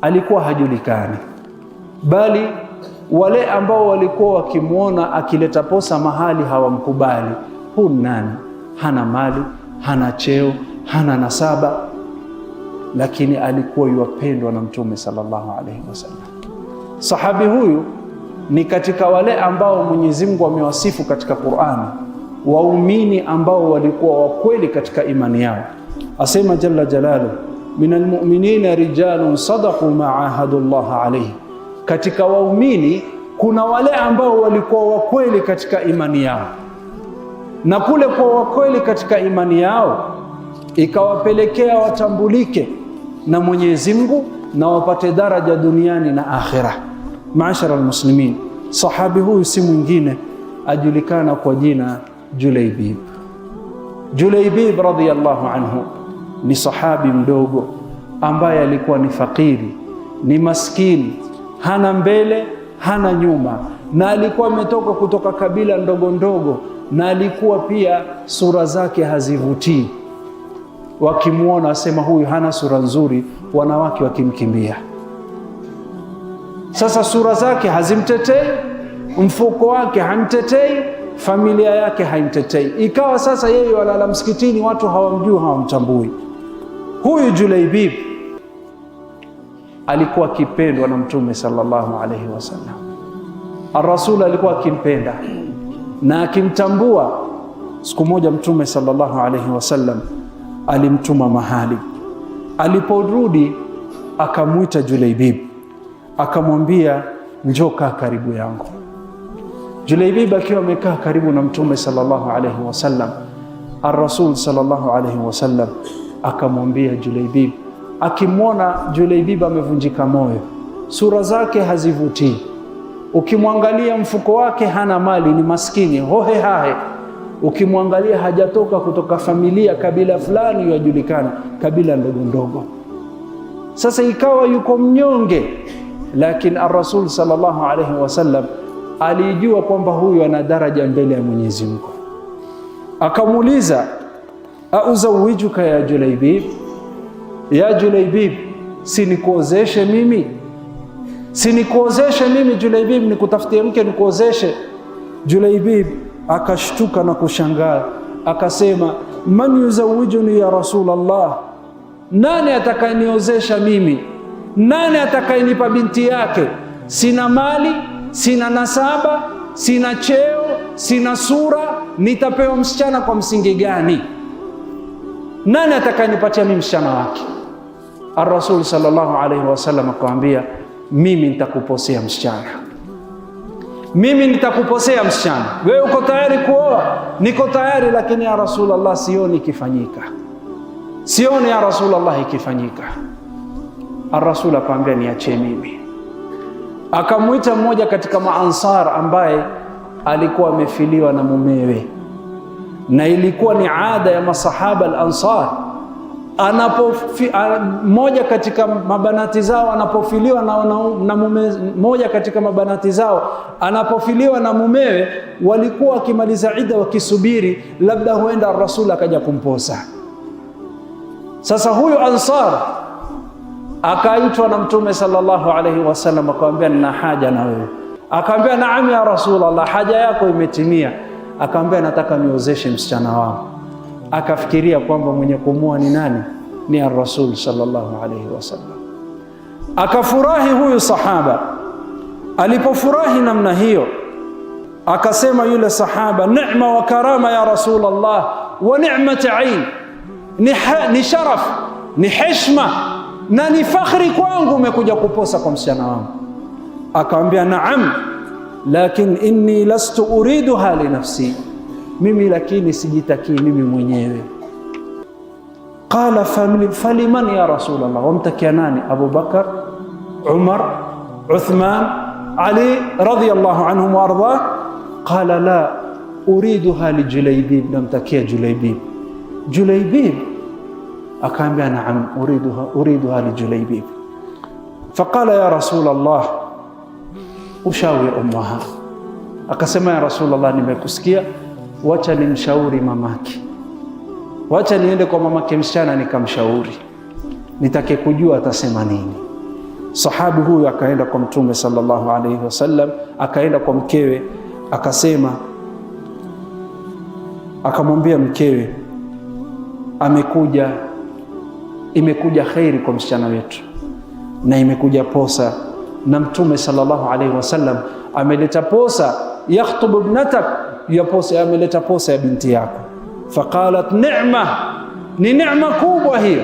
Alikuwa hajulikani, bali wale ambao walikuwa wakimwona akileta posa mahali hawamkubali. Huu nani? Hana mali, hana cheo, hana nasaba, lakini alikuwa yuwapendwa na Mtume sallallahu alaihi wasallam. Sahabi huyu ni katika wale ambao Mwenyezi Mungu amewasifu katika Qur'ani, waumini ambao walikuwa wakweli katika imani yao. Asema jalla jalalu, minal mu'minina rijalun sadaqu ma'ahadu Allah alayhi, katika waumini kuna wale ambao walikuwa wakweli katika imani yao, na kule kwa wakweli katika imani yao ikawapelekea watambulike na Mwenyezi Mungu na wapate daraja duniani na akhira. Maashara almuslimin, sahabi huyu si mwingine ajulikana kwa jina julaibib julaibib radhiyallahu anhu ni sahabi mdogo ambaye alikuwa ni fakiri, ni maskini, hana mbele hana nyuma, na alikuwa ametoka kutoka kabila ndogo ndogo, na alikuwa pia sura zake hazivutii wakimwona wasema huyu hana sura nzuri, wanawake wakimkimbia. Sasa sura zake hazimtetei, mfuko wake hamtetei, familia yake haimtetei. Ikawa sasa yeye walala msikitini, watu hawamjui, hawamtambui. Huyu Julaibib alikuwa akipendwa na Mtume sallallahu alaihi wasallam. Arasul alikuwa akimpenda na akimtambua. Siku moja Mtume sallallahu alaihi wasallam alimtuma mahali. Aliporudi akamwita Julaibib, akamwambia njoo kaa karibu yangu. Julaibib akiwa amekaa karibu na Mtume sallallahu alaihi wasallam, Ar-Rasul sallallahu alaihi wasallam akamwambia Julaibib, akimwona Julaibib amevunjika moyo, sura zake hazivutii, ukimwangalia mfuko wake hana mali, ni maskini hohe hahe Ukimwangalia hajatoka kutoka familia kabila fulani, yajulikana kabila ndogo ndogo. Sasa ikawa yuko mnyonge, lakini Arasul sallallahu alaihi wasallam alijua kwamba huyu ana daraja mbele ya Mwenyezi Mungu, akamuuliza auzawijuka ya Julaibib, ya Julaibib, sinikuozeshe mimi sinikuozeshe mimi Julaibib, nikutafutie mke nikuozeshe Julaibib akashtuka na kushangaa, akasema man yuzawijuni ya Rasulullah, nani atakayeniozesha mimi? Nani atakayenipa binti yake? Sina mali, sina nasaba, sina cheo, sina sura, nitapewa msichana kwa msingi gani? Nani atakayenipatia mimi msichana wake? Arrasuli sallallahu alaihi wasallam akamwambia, mimi nitakuposea msichana mimi nitakuposea msichana, wewe uko tayari kuoa? Niko tayari, lakini ya Rasulullah, sioni ikifanyika, sioni ya Rasulullah ikifanyika. Arasul akaambia niachie mimi. Akamwita mmoja katika maansar ambaye alikuwa amefiliwa na mumewe, na ilikuwa ni ada ya masahaba al-ansar anapofi, moja katika mabanati zao anapofiliwa na, na, na mume, moja katika mabanati zao anapofiliwa na mumewe, walikuwa wakimaliza ida wakisubiri, labda huenda Rasul akaja kumposa. Sasa huyu Ansar akaitwa na Mtume sallallahu alaihi wasallam, akamwambia nina haja na wewe. Akamwambia naam ya Rasulullah, haja yako imetimia. Akamwambia nataka niozeshe msichana wangu akafikiria kwamba mwenye kumua ni nani? Ni ar-Rasul sallallahu alaihi wasallam. Akafurahi huyu sahaba. Alipofurahi namna hiyo, akasema yule sahaba, neema wa karama ya Rasulullah, wa ni'mat ain, ni sharaf, ni heshma na ni fakhri kwangu umekuja kuposa kwa msichana wangu. Akamwambia, naam, lakin inni lastu uriduha li nafsi mimi lakini sijitakii mimi mwenyewe. Qala faliman ya Rasulullah, wamtakia nani? Abu Bakar, Umar, Uthman, Ali radhiyallahu anhum wa arda. Qala la uriduha liJulaybib, namtakia Julaibib. Julaibib akaambia naam, uriduha, uriduha Julaibib. Faqala ya Rasulullah, ushawir ummaha. Akasema ya Rasulullah, nimekusikia wacha nimshauri mamake, wacha niende kwa mamake msichana nikamshauri, nitake kujua atasema nini. Sahabi huyu akaenda kwa Mtume sallallahu alaihi wasallam, akaenda kwa mkewe, akasema, akamwambia mkewe, amekuja imekuja kheri kwa msichana wetu na imekuja posa, na Mtume sallallahu alaihi wasallam ameleta posa, yakhtubu ibnatak ya posa ameleta posa ya binti yako. Faqalat ni'ma, ni neema kubwa hiyo,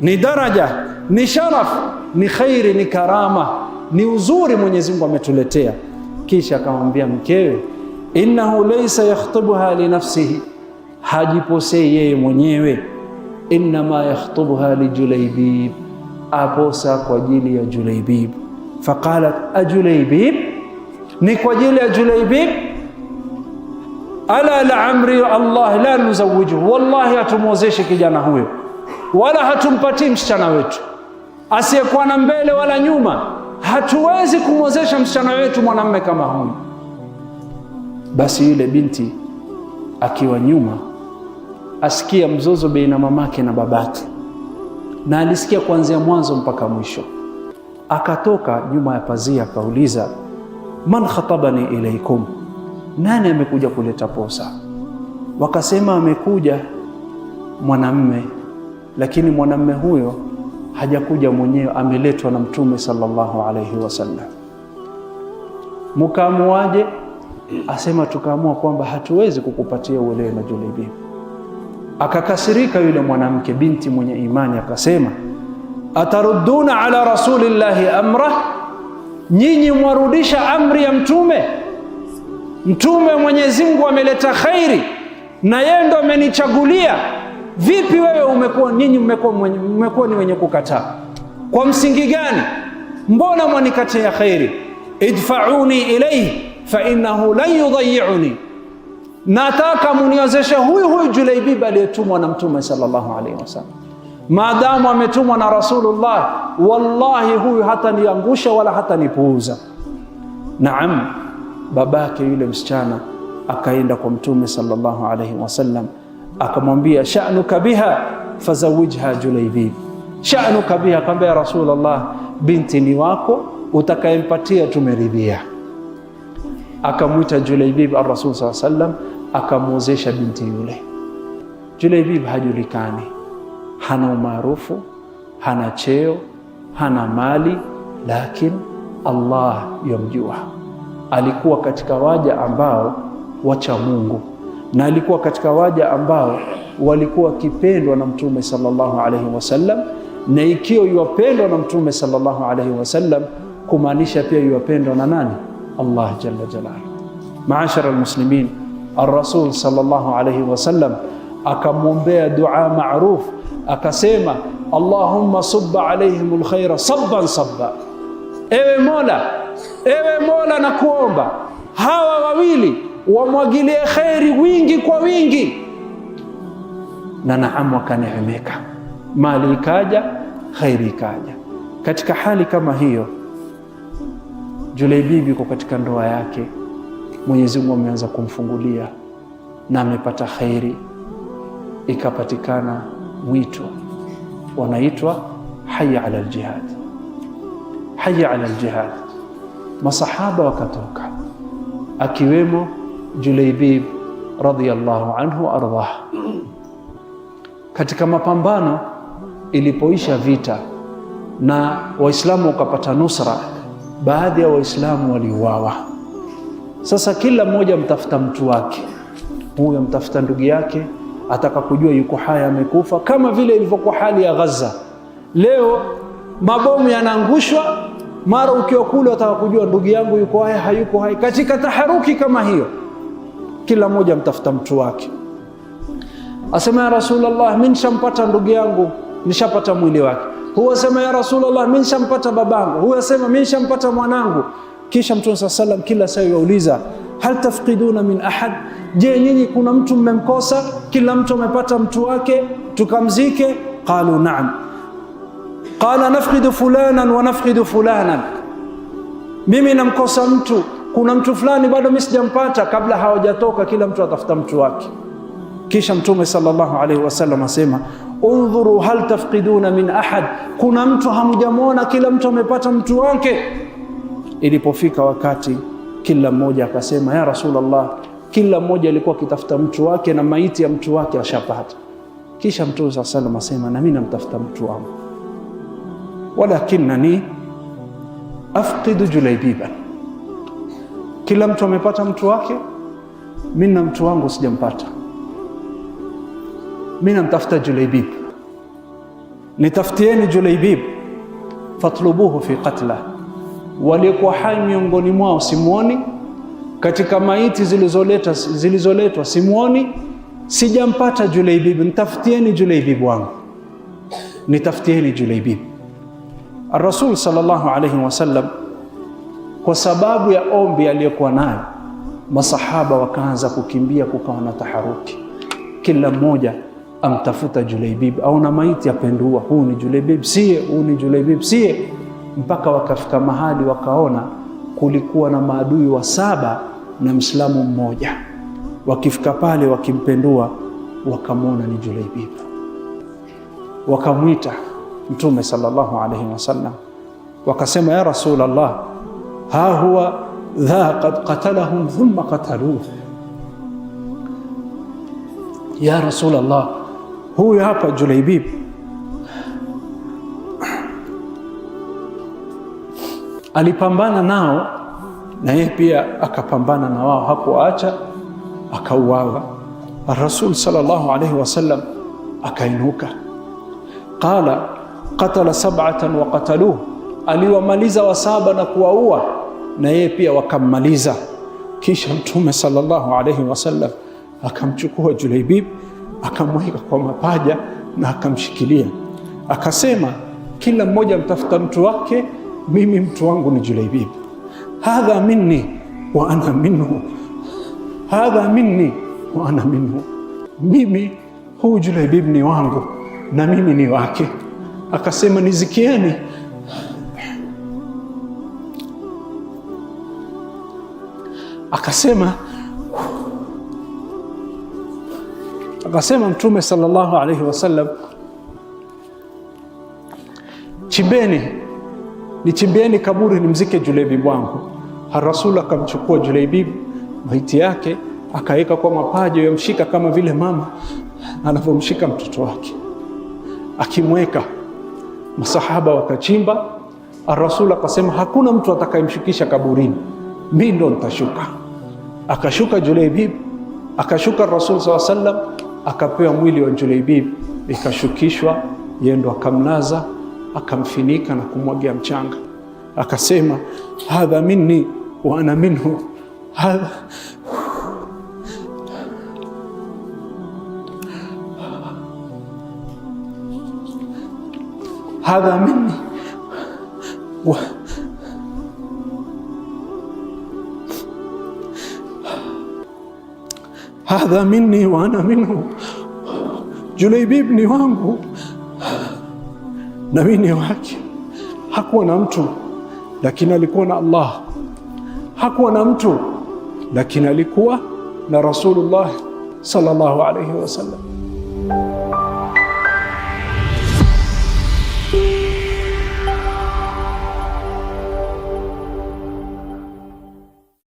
ni daraja, ni sharaf, ni khairi, ni karama, ni uzuri Mwenyezi Mungu ametuletea. Kisha akamwambia mkewe, innahu laysa yakhtubuha linafsihi nafsihi, hajiposei yeye mwenyewe, innama yakhtubuha lijulaibib aposa kwa ajili ya julaibib Faqalat ajulaibib ni kwa ajili ya julaibib ala la amri Allah la nuzawiju wallahi hatumwozeshe kijana huyo wala hatumpatii msichana wetu asiyekuwa na mbele wala nyuma. Hatuwezi kumwozesha msichana wetu mwanamme kama huyu. Basi yule binti akiwa nyuma asikia mzozo baina mamake na babake, na alisikia kuanzia mwanzo mpaka mwisho. Akatoka nyuma ya pazia akauliza, man khatabani ilaikum nani amekuja kuleta posa? Wakasema amekuja mwanamme, lakini mwanamme huyo hajakuja mwenyewe, ameletwa na Mtume sallallahu alaihi wasallam. Mukaamuaje? Asema tukaamua kwamba hatuwezi kukupatia uelewe na Julebi. Akakasirika yule mwanamke binti mwenye imani, akasema atarudduna ala rasulillahi amra, nyinyi mwarudisha amri ya Mtume Mtume wa Mwenyezi Mungu ameleta khairi na yeye ndo amenichagulia. Vipi wewe umekuwa, nyinyi mmekuwa ni wenye kukataa? Kwa msingi gani? Mbona mwanikatia khairi? idfauni ilaihi fa innahu lan yudayiuni nataka muniozeshe huyu huyu Julaibib aliyetumwa na Mtume sallallahu alaihi wasallam maadamu ametumwa na Rasulullah, wallahi huyu hataniangusha wala hatanipuuza. Naam babake yule msichana akaenda kwa Mtume sallallahu alaihi wasallam akamwambia, sha'nuka biha fazawijha Julaybibi, sha'nuka biha. Akamwambia, ya Rasulullah, binti ni wako, utakayempatia tumeridhia. Akamwita Julaybibi, ar-Rasul sallallahu alaihi wasallam akamwozesha binti yule. Julaybibi hajulikani, hana umaarufu, hana cheo, hana mali, lakini Allah yamjua alikuwa katika waja ambao wacha Mungu na alikuwa katika waja ambao walikuwa wakipendwa na Mtume sallallahu alaihi wasallam, na ikiwa yuwapendwa na Mtume sallallahu alaihi wasallam kumaanisha pia yuwapendwa na nani? Allah jalla jalaluhu. Maashara almuslimin, arrasul rasul sallallahu alaihi wasallam akamwombea dua maruf, akasema allahumma subba alaihim lkhaira sabban sabba, ewe Mola Ewe Mola, na kuomba hawa wawili wamwagilie kheri wingi kwa wingi. Na Naamu akaneemeka, mali ikaja, kheri ikaja. Katika hali kama hiyo, Julaibibi yuko katika ndoa yake, Mwenyezi Mungu ameanza kumfungulia na amepata kheri, ikapatikana mwito wanaitwa haya ala ljihad, haya ala ljihad Masahaba wakatoka akiwemo Julaibib radhiyallahu anhu ardhah Katika mapambano ilipoisha vita na Waislamu wakapata nusra, baadhi ya Waislamu waliuawa. Sasa kila mmoja mtafuta mtu wake, huyu amtafuta ndugu yake, ataka kujua yuko haya amekufa, kama vile ilivyokuwa hali ya Gaza leo. Mabomu yanaangushwa mara ukiwa kule wataka kujua ndugu yangu yuko hai hayuko hai. Katika taharuki kama hiyo, kila mmoja mtafuta mtu wake, asema ya Rasulullah, mimi nishampata ndugu yangu, nishapata mwili wake. Huwa sema ya Rasulullah, mimi nishampata babangu. Huwa sema mimi nishampata mwanangu. Kisha Mtume salam kila saa yauliza hal tafqiduna min ahad, je, nyinyi kuna mtu mmemkosa? Kila mtu amepata mtu wake, tukamzike. Qalu naam qala nafqidu fulanan wa nafqidu fulanan, mimi namkosa mtu, kuna mtu fulani bado mimi sijampata. Kabla hawajatoka kila mtu atafuta mtu wake. Kisha Mtume sallallahu alaihi wasallam asema undhuru hal tafqiduna min ahad, kuna mtu hamjamwona, kila mtu amepata mtu wake. Ilipofika wakati kila mmoja akasema ya Rasulullah, kila mmoja alikuwa akitafuta mtu wake na maiti ya mtu wake ashapata. Kisha Mtume sallallahu alaihi wasallam asema, na mimi namtafuta mtu wangu walakinani afqidu julaibiban. Kila mtu amepata mtu wake, mimi na mtu wangu sijampata. Mimi namtafuta Julaibib, nitafutieni Julaibib. Fatlubuhu fi qatla, waliokuwa hai miongoni mwao simuoni, katika maiti zilizoletwa zilizoletwa simuoni, sijampata Julaibib, nitafutieni Julaibib wangu, nitafutieni Julaibib Rasul sallallahu alayhi wasallam kwa sababu ya ombi aliyokuwa nayo, masahaba wakaanza kukimbia, kukawa na taharuki, kila mmoja amtafuta Julaibib, aona maiti apendua, huu ni Julaibib sie, huu ni Julaibib sie, mpaka wakafika mahali wakaona kulikuwa na maadui wa saba na Mslamu mmoja. Wakifika pale wakimpendua, wakamwona ni Julaibib, wakamwita Mtume sallallahu alayhi wasallam wakasema, ya rasul Allah, ha huwa dha qad qatalahum thumma qataluh ya rasul Allah, huyu hapa Julaibib alipambana nao na yeye pia akapambana na wao, hakuacha akauawa. Rasul sallallahu alayhi wasallam akainuka qala qatala sab'atan wa qataluhu, aliwamaliza wasaba na kuwaua na yeye pia wakammaliza. Kisha Mtume sallallahu alayhi wasallam akamchukua Julaibib akamweka kwa mapaja na akamshikilia, akasema kila mmoja mtafuta mtu wake, mimi mtu wangu ni Julaibib. Hadha minni wa ana minhu, hadha minni wa ana minhu, mimi huu Julaibib ni wangu na mimi ni wake akasema nizikieni. Akasema akasema Mtume sallallahu alaihi wasallam, chimbeni nichimbieni kaburi nimzike Julebibu wangu. harasul akamchukua Julebibu maiti yake akaweka kwa mapaja, yamshika kama vile mama anavyomshika mtoto wake akimweka Masahaba wakachimba, Arasul akasema hakuna mtu atakayemshukisha kaburini, mi ndo ntashuka Akashuka Julaibib, akashuka Rasul saa salam, akapewa mwili wa Julaibib, ikashukishwa yendo, akamnaza akamfinika na kumwagia mchanga, akasema hadha minni wa ana minhu hadha هذا مني و... هذا مني وانا منه جليبي ابني وانغو نبيني واك حقو نمتو لكن الكون الله حقو نمتو لكن الكوى لرسول الله صلى الله عليه وسلم Thank you.